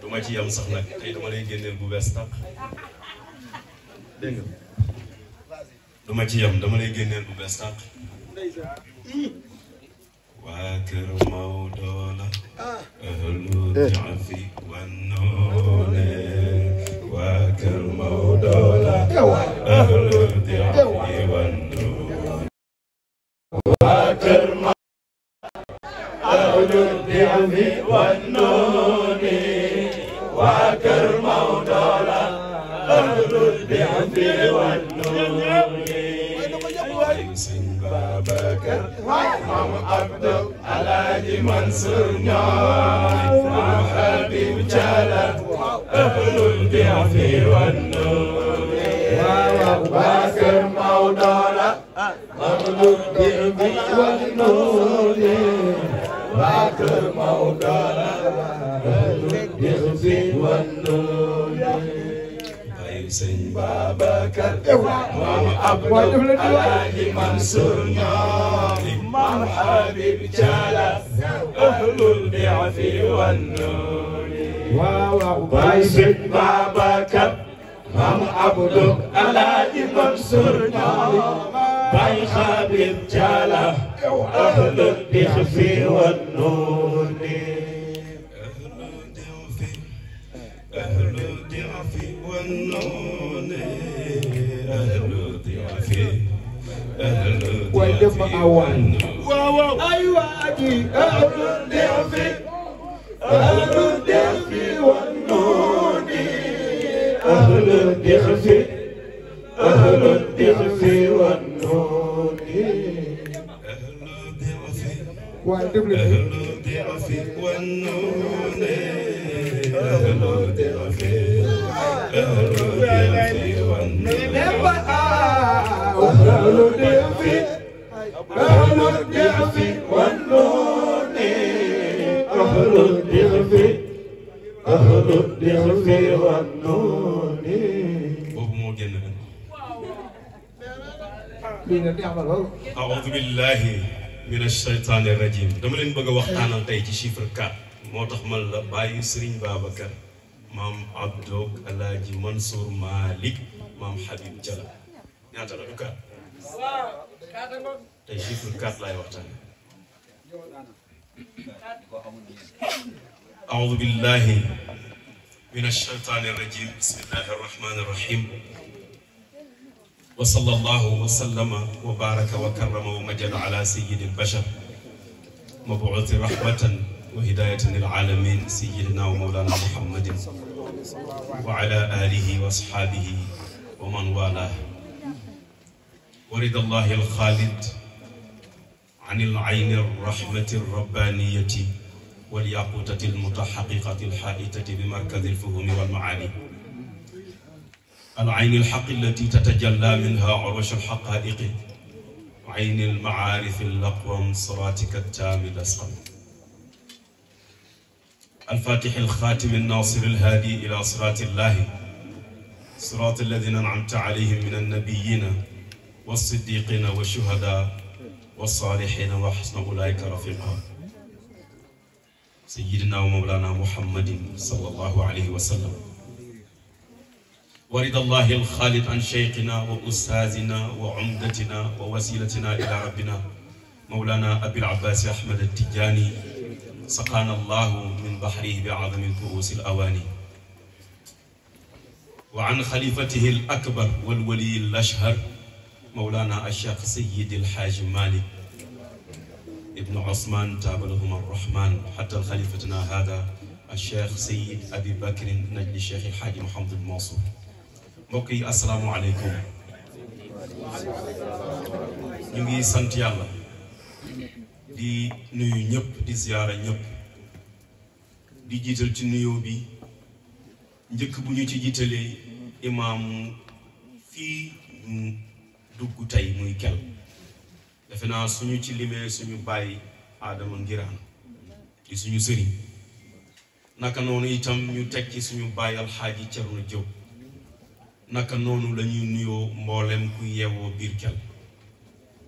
du ma ci yem sax nag tey dama lay génneel bu bees tàq dégg nga du ma ci yem dama lay génneel bu bees tàq waa kër Maodo la ahlu jaafi wannoone waa kër Maodo la ahlu jaafi wannoone waa kër Maodo بالنعم والنون وكر موضوع أهل النعم والنون سن بابكر مام عبد الحاج منصور ناي مع حبيب جلال أهل النعم والنون moom Abdou Alaaji Mansour ñoom maam Habib Diallo ahlul bi'fi wan nuuri waaw waaw baay Sëñ Babacar maam Abdou Alaaji Mansour ñoom baay Habib Diallo ahlul bi'fi wan nuuri أهل الضعف والنون ودم أوان أيوادي أهل الضيافي أهل الضيافي والنوني أهل الضيافي أهل الضيافي والنوني أهل الضيافي أهل الضيافي والنوني أهل الدفء والنون أعوذ بالله من الشيطان الرجيم dama leen bëgg a waxtaanal tey ci chiffre 4 moo tax man la bàyyi Serigne Babacar maam Abdou Alaaji Mansour Malick maam Habib Diallo ñaata la du 4 tey chiffre 4 laay waxtaanee أعوذ بالله من الشيطان الرجيم بسم الله الرحمن الرحيم وصلى الله وسلم وبارك وكرم ومجد على سيد البشر مبعوث رحمة وهداية للعالمين سيدنا ومولانا محمد وعلى آله وأصحابه ومن والاه ورد الله الخالد عن العين الرحمة الربانية والياقوتة المتحققة الحائتة بمركز الفهوم والمعاني العين الحق التي تتجلى منها عروش الحقائق عين المعارف الأقوم صراتك التام الأسقم الفاتح الخاتم الناصر الهادي إلى صراط الله صراط الذين أنعمت عليهم من النبيين والصديقين والشهداء والصالحين وحسن أولئك رفيقا سيدنا ومولانا محمد صلى الله عليه وسلم ورد الله الخالد عن شيخنا وأستاذنا وعمدتنا ووسيلتنا إلى ربنا مولانا أبي العباس أحمد التجاني سقانا الله من بحره بعظم الكؤوس الأواني وعن خليفته الأكبر والولي الأشهر مولانا الشيخ سيد الحاج مالك ابن عثمان تابلهما الرحمن حتى خليفتنا هذا الشيخ سيد أبي بكر نجل الشيخ الحاج محمد الموصول بقي السلام عليكم نجي سنت يالا دي نيو نيب دي زيارة نيب دي جيتل تنيو بي نجي كبني تي جيتلي إمام في دوكو تاي موي كلمة defe naa suñu ci limee suñu bàyyi aadama ngiraan ki suñu sëriñ naka noonu itam ñu teg ci suñu bàyyi alxaaji Cerno Jëw naka noonu lañuy nuyoo mboolem ku yeewoo biir kel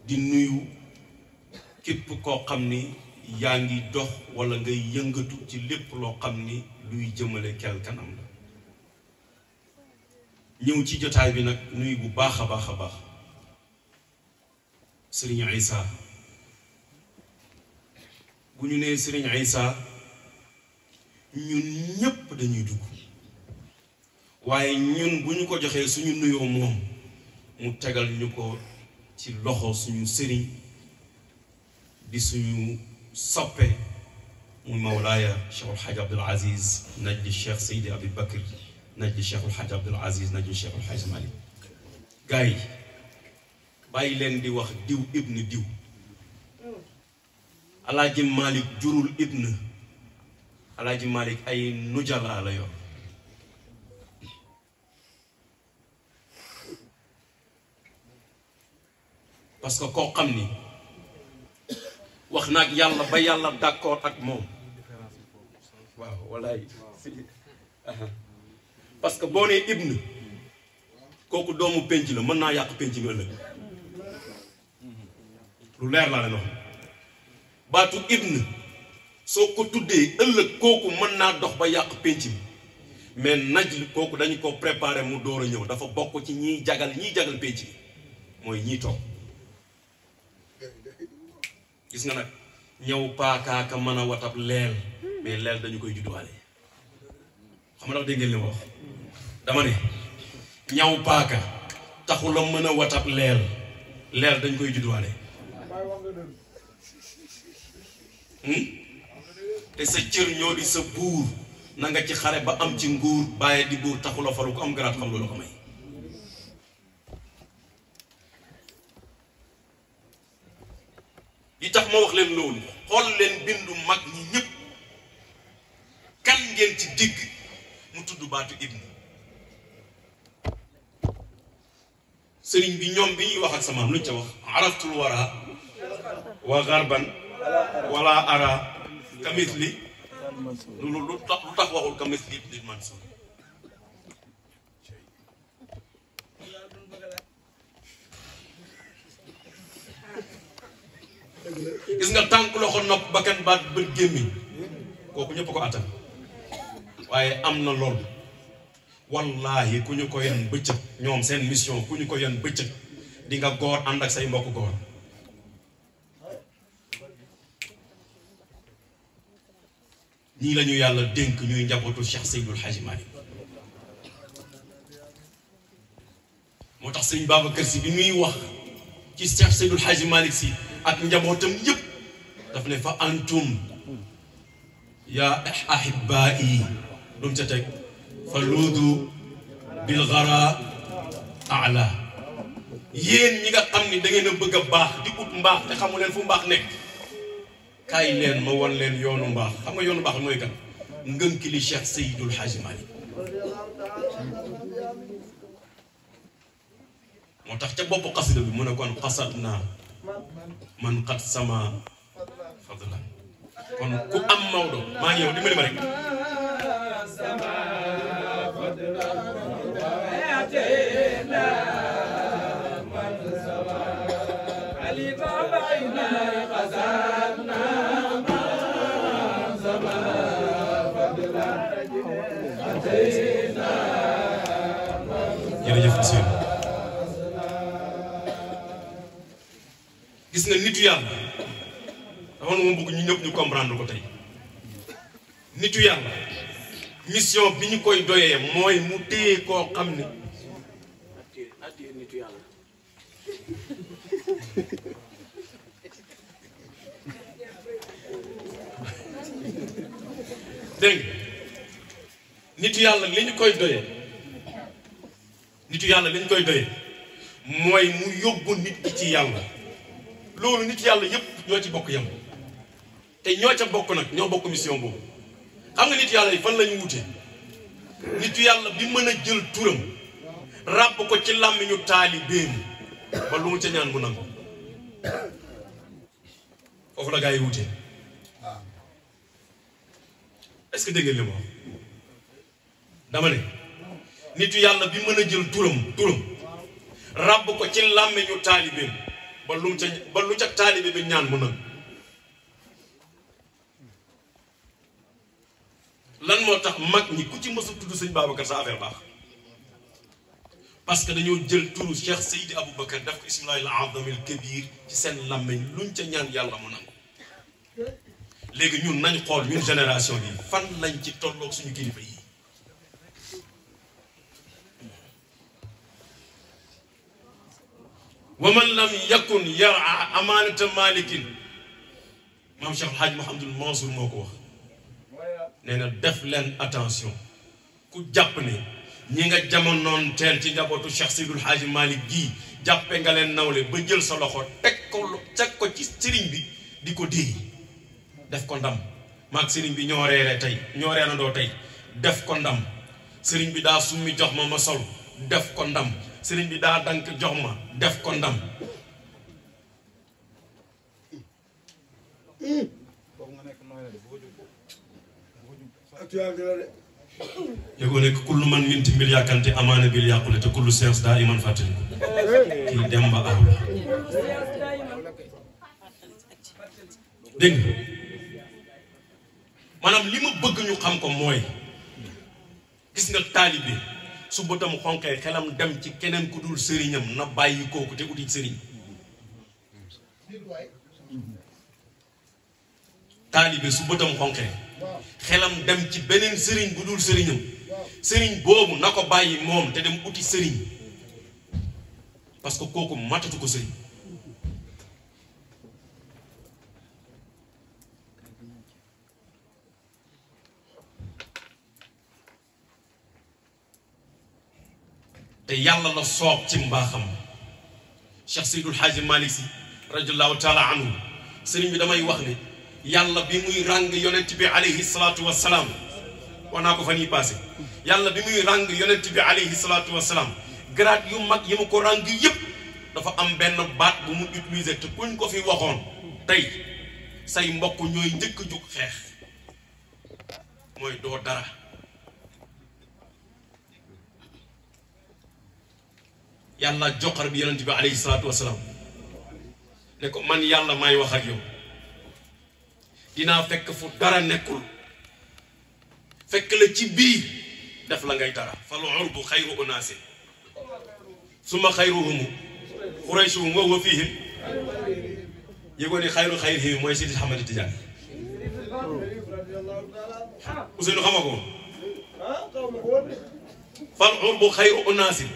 di nuyu képp koo xam ni yaa ngi dox walla ngay yëngatu ci lépp loo xam ni luy jëmale kel kanam la ñëw ci jotaay bi nag nuyu bu baax a baax a baax sëriñ Isa bu ñu nee sëriñ Isa ñun ñépp dañuy dugg waaye ñun bu ñu ko joxee suñu nuyoo moom mu tegal ñu ko ci loxo suñu sëriñ di suñu soppe mu mawlaaya Cheikh El Hadj Abdoul Aziz najji Cheikh Seydi Abi Bakr najji Cheikh El Hadj Abdoul Aziz najji Cheikh El Hadj Malick yi bàyyi leen di wax diw ibn diw hmm. alaaji malik jurul ibn alaaji malik ay nujalaa la yor que koo xam ni wax naag yàlla ba yàlla d'accord ak moom waaw que boo nee ibn kooku doomu penc la mën naa yàq penc bi ëllëg lu leer laa leen wax baatu ibn soo ko tuddee ëllëg kooku mën naa dox ba yàq pénc mi mais najl kooku dañu ko préparer mu door a ñëw dafa bokk ci ñiy jagal ñiy jagal pénc mooy ñiy toog gis nga nag ñëw paakaaka mën a watab leel mais leer dañu koy judduwaale xam nga dégg ngeen li ñaw paaka taxu mën a watab leel leel dañ koy judduwaale Hmm? te sa cër ñoo di sa buur na nga ci xare ba am ci nguur bàyyi di buur taxula faru ko am garaat xam ko may li tax wax leen loolu leen bindu mag ñi kan ngeen ci digg mu tudd baatu ibn sëriñ bi ñoom bi wax ak samaam wax araftul wara وغربا ولا wala ara kamisli lu lu tax lu tax gis nga tànk loxo nopp bakkan baat bët gémmiñ ko am lool wallahi ku ko yan bëccëg ñoom seen mission ku ko yan bëccëg di nga ak say mbokk ñii lañu yàlla dénk ñuy njabootu Cheikh Seydou El Hadji Malick moo tax sëñ Babacar si bi ñuy wax ci Cheikh Seydou El Hadji Malick si ak njabootam yëpp daf ne fa antum yaa ahibaa yi dum ca teg fa luudu bil gara ala yéen ñi nga xam ni da ngeen bëgg a baax di ut mbaax te xamu leen fu mbaax nekk kaay leen ma won leen yoonu mbaax xam yoonu mbaax mooy kan ngëm ki li Cheikh Seydul Hadji Malick moo tax ca bopp xasida bi mu ne kon xasat naa man xat sama fadlan kon ku am Maodo maa ngi yow dimbali ma rek gis na nitu yàlla dafa nu ma ñu ñëpp ñu comprendre ko tey nitu yàlla mission bi ñu koy doyee mooy mu téye koo xam ne dégg nitu yàlla li ñu koy doyee nitu yàlla lañ koy doyee mooy mu yóbbu nit ki ci yàlla loolu nit yàlla yëpp ñoo ci bokk yam te ñoo ca bokk nag ñoo bokk mission boobu xam nga nit yàlla yi fan lañu wute nitu yàlla bi mën a jël turam ràbb ko ci làmmiñu taalibeem ba lu mu ca ñaan mu nangu foofu la gaa yi wute est-ce que li ma dama ne nitu yàlla bi mën a jël turam turam ràbb ko ci làmmiñu taalibeem ba lu ca ba ca taalibe bi ñaan mu nag lan moo tax mag ñi ku ci mësu tudd sëñ Babacar sa affaire baax parce que dañoo jël turu Cheikh Seydi Aboubacar daf ko ismilaahil azamil kabir ci seen làmmiñ luñ ca ñaan yàlla mu nangu léegi ñun nañ xool ñun génération yi fan lañ ci tolloog suñu kilifa yi wa man lam yakun yara amaanata malikin maam Cheikh Alhaaj Mouhamadul Mansour moo ko wax nee na def leen attention ku jàpp ne ñi nga jamonoon teel ci njabootu Cheikh Seydul Haaji Malick gii jàppe nga leen nawle ba jël sa loxo teg ko teg ko ci sëriñ bi di ko déey def ko ndam maag sëriñ bi ñoo reere tey ñoo reerandoo tey def ko ndam sëriñ bi daa summi jox ma ma sol def ko ndam sëriñ bi daa dank jox ma def ko ndam yëgoo nekk kullu man winti mbil yàkkante amaane bil yàqule te kullu seens daa iman fàttali kii dem ba li ma bëgg ñu xam ko mooy gis nga taalibe su bëtam xonkee xelam dem ci keneen ku dul sëriñam na bàyyi kooku te uti sëriñ taalibe su bëtam xonkee xelam dem ci beneen sëriñ bu dul sëriñam sëriñ boobu na ko bàyyi moom te dem uti sëriñ parce que kooku matatu ko sëriñ te yàlla la soob ci mbaaxam Cheikh Seydul Xaaji Malick Si radiallahu taala anhu sëriñ bi damay wax ni yàlla bi muy ràng yonent bi alayhi salaatu wasalaam wax naa ko fa ni passé yàlla bi muy ràng yonent bi alayhi salaatu wasalaam grade yu mag yi ma ko ràng yëpp dafa am benn baat bu mu utiliser te kuñ ko fi waxoon tey say mbokk ñooy njëkk jug xeex mooy doo dara yàlla joxar bi yonent bi alayhi salaatu wasalaam ko man yàlla maay wax ak yow dinaa fekk fu dara nekkul fekk la ci biir def la ngay dara fal urbu xayru unaasin suma xayruhumu xuraysuhum wa huwa fihim yëgoon ni xayru xayrihim mooy Sidi Ahmad Tijaani Ousseynou xama ko fal urbu xayru unaasin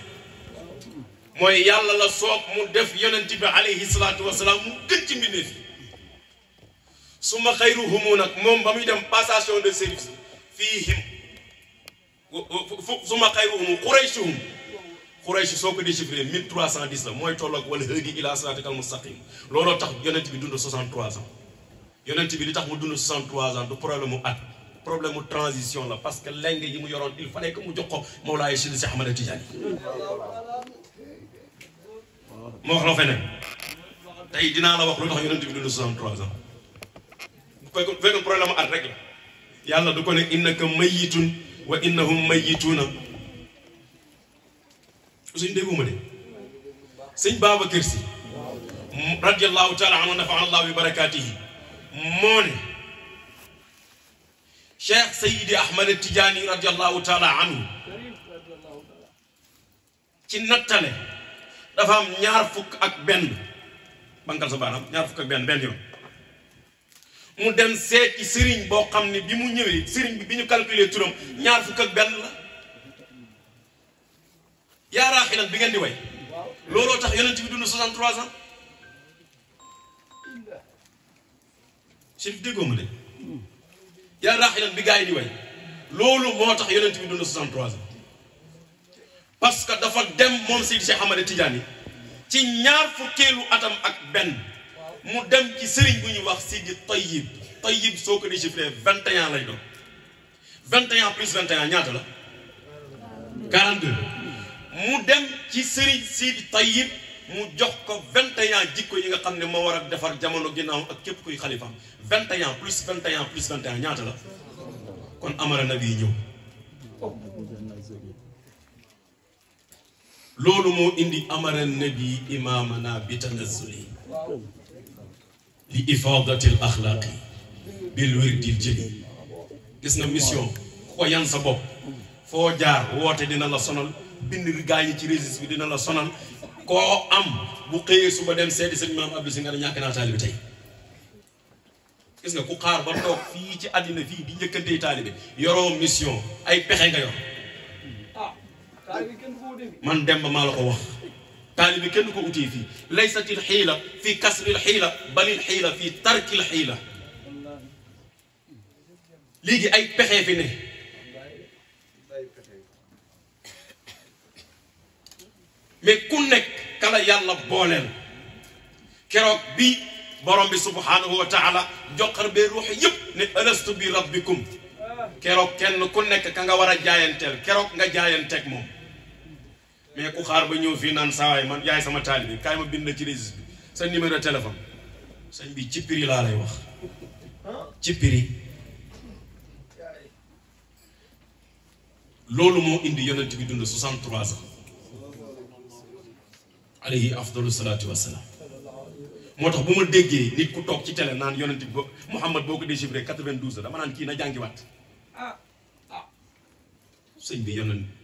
mooy yàlla la soob mu def yonent bi alayhi salaatu wasalaam mu gën ci mbindeef yi suma xayruhumu nag moom ba muy dem passation de service fiihim suma xayruhumu xurayshihum xuraysh soo ko déchiffré 1310 la mooy tolloog wal hëdi ila siraatikal mustaqim looloo tax yonent bi dund 63 ans yonent bi li tax mu dund 63 ans du problème mu at problème mu transition la parce que leng yi mu yoroon il fallait que mu jox ko Mawlaay Sidi Ahmad Tijaani moo wax loo fay ne tey dinaa la wax lu tax yonent bi dund 63 ans fekkoon fekkoon problème mu at rek la yàlla du ko ne innaka mayitun wa innahum mayituuna suñ dégguma de sëñ Babacar Si radiallahu taala anhu nafaana allahu bi barakaatihi moo ne cheikh sayidi ahmad tijaani radiallahu taala anhu ci nattale dafa am ñaar fukk ak benn bankal sa baaraam ñaar fukk ak benn benn yoon mu dem seet ci sëriñ boo xam ne bi mu ñëwee sëriñ bi bi ñu calculer turam ñaar fukk ak benn la yaaraa xilan bi ngeen di way looloo tax yonent bi dund 63 ans chérif déggoo ma de yaaraa xilan bi gars yi di way loolu moo tax yonent bi dund 63 ans parce que dafa dem mom seydou Cheikh amadou Tidiane ci ñaar fukelu atam ak ben mu dem ci serigne buñu wax sidi Tayyib Tayyib soo ko déchiffré 21 ans lay do 21 ans plus 21 ñaata la 42 mu dem ci serigne sidi Tayyib mu jox ko 21 ans jikko yi nga xam mo wara defar jamono ginnaaw ak kep kuy khalifa 21 ans plus 21 ans plus 21 ñaata la kon amara nabi ñew loolu moo indi amara nabi imaamana bi tanazuli li ifaadati l axlaaqi bil wirdil jëli gis nga mission ku ko yan sa bopp foo jaar woote dina la sonal bind gaa yi ci registre bi dina la sonal koo am bu xëyee suba dem seeti sëñ maam Abdou Si nga ne ñàkk naa tey gis nga ku xaar ba toog fii ci àddina fii di njëkkantee taalibi yoroo mission ay pexe nga yor man demb maa la ko wax taalibi kenn ko utee fii laysatil xiila fii kasril xiila balil xiila fii tarkil xiila léegi ay pexe fi ne mais ku nekk kala yàlla booleel keroog bi borom bi subhanahu wa taala joxar bee ruux yépp ne alastu bi rabbikum keroog kenn ku nekk ka nga war a jaayanteel keroog nga jaayanteeg moom mais ku xaar ba ñëw fii naan saawaay man yaay sama taalibi kaay ma bind ci registre bi sa numéro téléphone sëñ bi ci prix laa lay wax ci prix loolu moo indi yonent bi dund 63 ans alayhi afdalu salaatu wassalaam moo tax bu ma déggee nit ku toog ci télé naan yonent bi ba Mouhamad boo ko déchiffré 92 dama naan kii na jàngiwaat ah ah sëñ bi yonent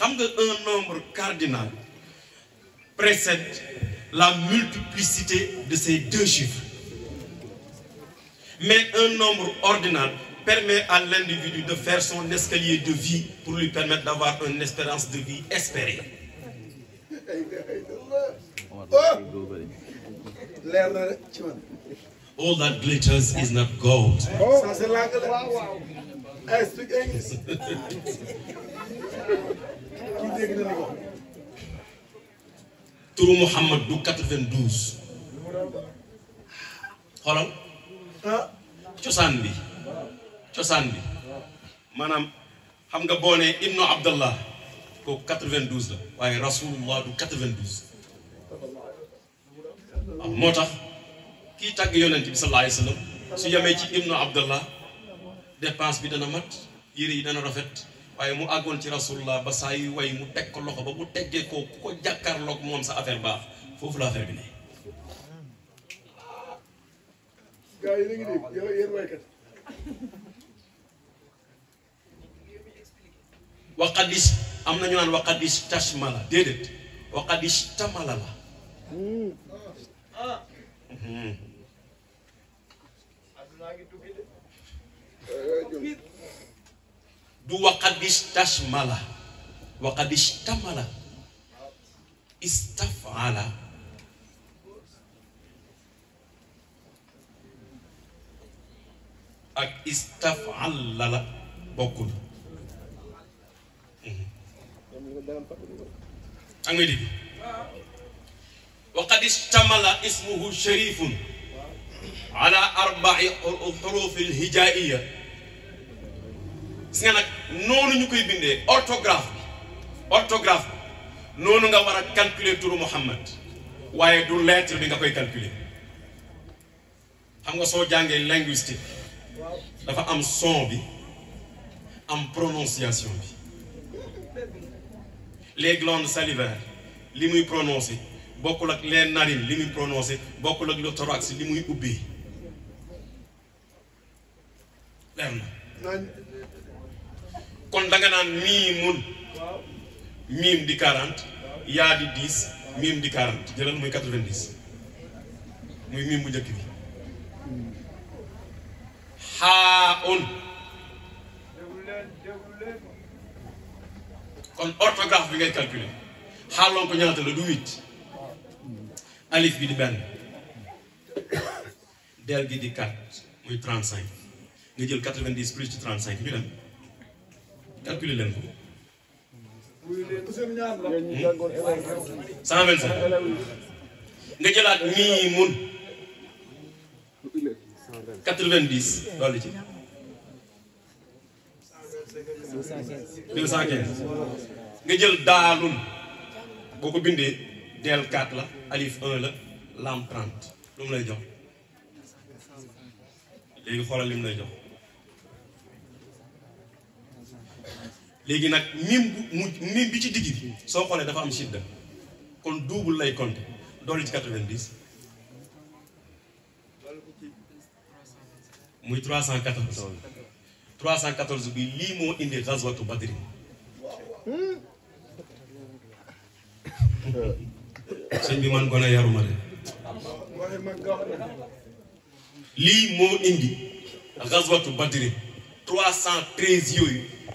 un nombre cardinal précède la multiplicité de ces deux chiffres mais un nombre ordinal permet à l'individu de faire son escalier de vie pour lui permettre d'avoir une espérance de vie espérée. All that glitters is not gold. I speak English. kii dégg turu Mouhamad du 92. xoolal. ah. cosaan bi. cosaan bi. maanaam xam nga boo nee Ibnu Abdallah kooku 92 la waaye Rasulullah du 92. waaw moo tax kii tàgg yonent bi sallallahu alayhi wa sallam su yemee ci Ibnu Abdallah. dépense bi dana mat yére yi dana rafet waaye mu àggoon ci rasulullah ba saa yu way mu teg ko loxo ba mu teggee ko ku ko jàkkaarloog moom sa affaire baax foofu la affaire bi ne. gars yi ngi dégg yow yéen waykat am na ñu naan waqadis tashmala déedéet waqadis tamala la. dua kadis tasmala wa kadis tamala istafala ak istafallala bokkul ak may dégg wa qad istamala ismuhu sharifun ala arba'i huruf al hijaiyah gis nag noonu ñu koy bindee orthographe bi orthographe bi noonu nga war a calculer turu Muhammad waaye du lettre bi nga koy calculer xam nga soo jàngee linguistique dafa am son bi am prononciation bi les glandes li muy prononcé bokkul ak leen narines li muy prononcé bokkul ak le thorax li muy ubbi leer na kon da nga nan mimun mim di 40 ya di 10 mim di 40 jeul moy 90 moy mim bu njëkk bi xaa kon orthographe bi ngay calculer halon ko ñaata la du 8 alif bi di ben del gi di 4 moy 35 nga jël 90 plus 35 ñu dem calculer leen ko. 125 nga jëlaat mii mun 90 dolli ci nga jël daalun boo ko bindee del 4 la alif 1 la lam lu mu lay jox léegi xoolal li mu lay jox léegi nag mim bu mu mim bi ci digg soo xoolee dafa am shidda kon double lay compter dolli ci quatre-vingt-dix muy trois cent quatorze trois cent quatorze bi lii moo indi gazwatu Badri sëñ bi man gone yaruma de lii moo indi gazwatu Badri trois cent treize yooyu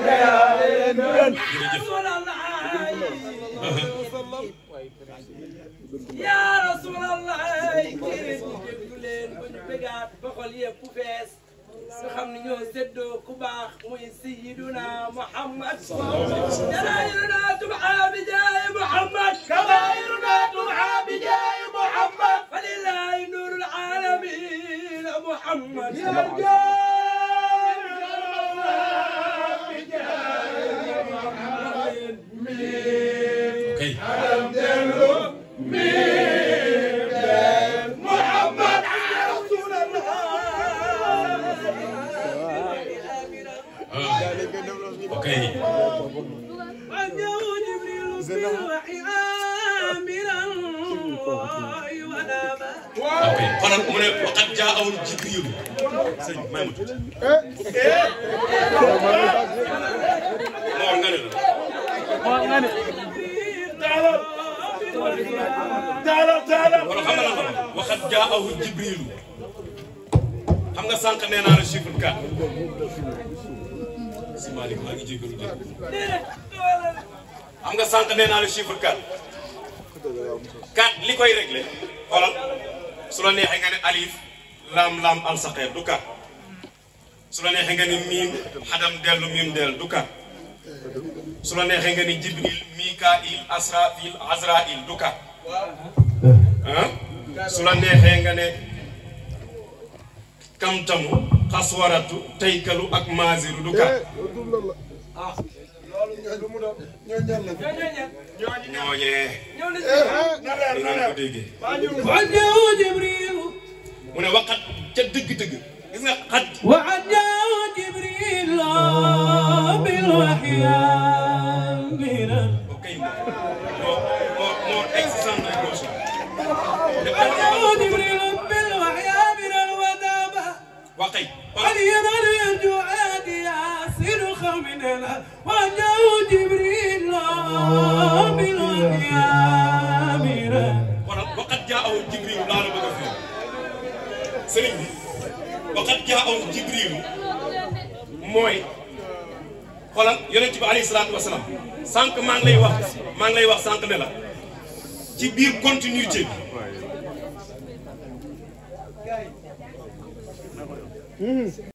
yaa rasulallah jërëjëf jëndu leen ba ñu bëggaat ba xol yëpp fees nga xam ne ñoo séddoo ku baax muy sayyiduna Muhammad jalaayiruna tubaa bi jaay Muhammad kabaayiruna tubaa bi jaay Muhammad falillahi nurul alamin Muhammad maanaam mu ne waqat jaa awul jibril sëriñ may ma tuuti moom nga ne la nga ne taalal taalal wala xam nga la waqat jaa awul jibril xam nga sànq nee naa la chiffre 4 si Malick maa ngi jégalu dé xam nga sànq nee naa la chiffre 4 4 li koy réglé xoolal su la neexee nga ne alif laam laam al saqeer du ka su la neexee nga ni miim xadam dellu miim dellu du ka su la neexee nga ni jibril mikail asrafil azrail du ka ah su la neexee nga ne kamtamu xaswaratu taykalu ak maasiru du ka ñooñu mu doon ñooñu ñan la. ñooñu ñooñee. ñooñu ñooñee. mu ne waxat ca dëgg-dëgg gis nga xat. sànq maa ngi lay wax maa ngi lay wax sànq ne la ci biir continuité bi.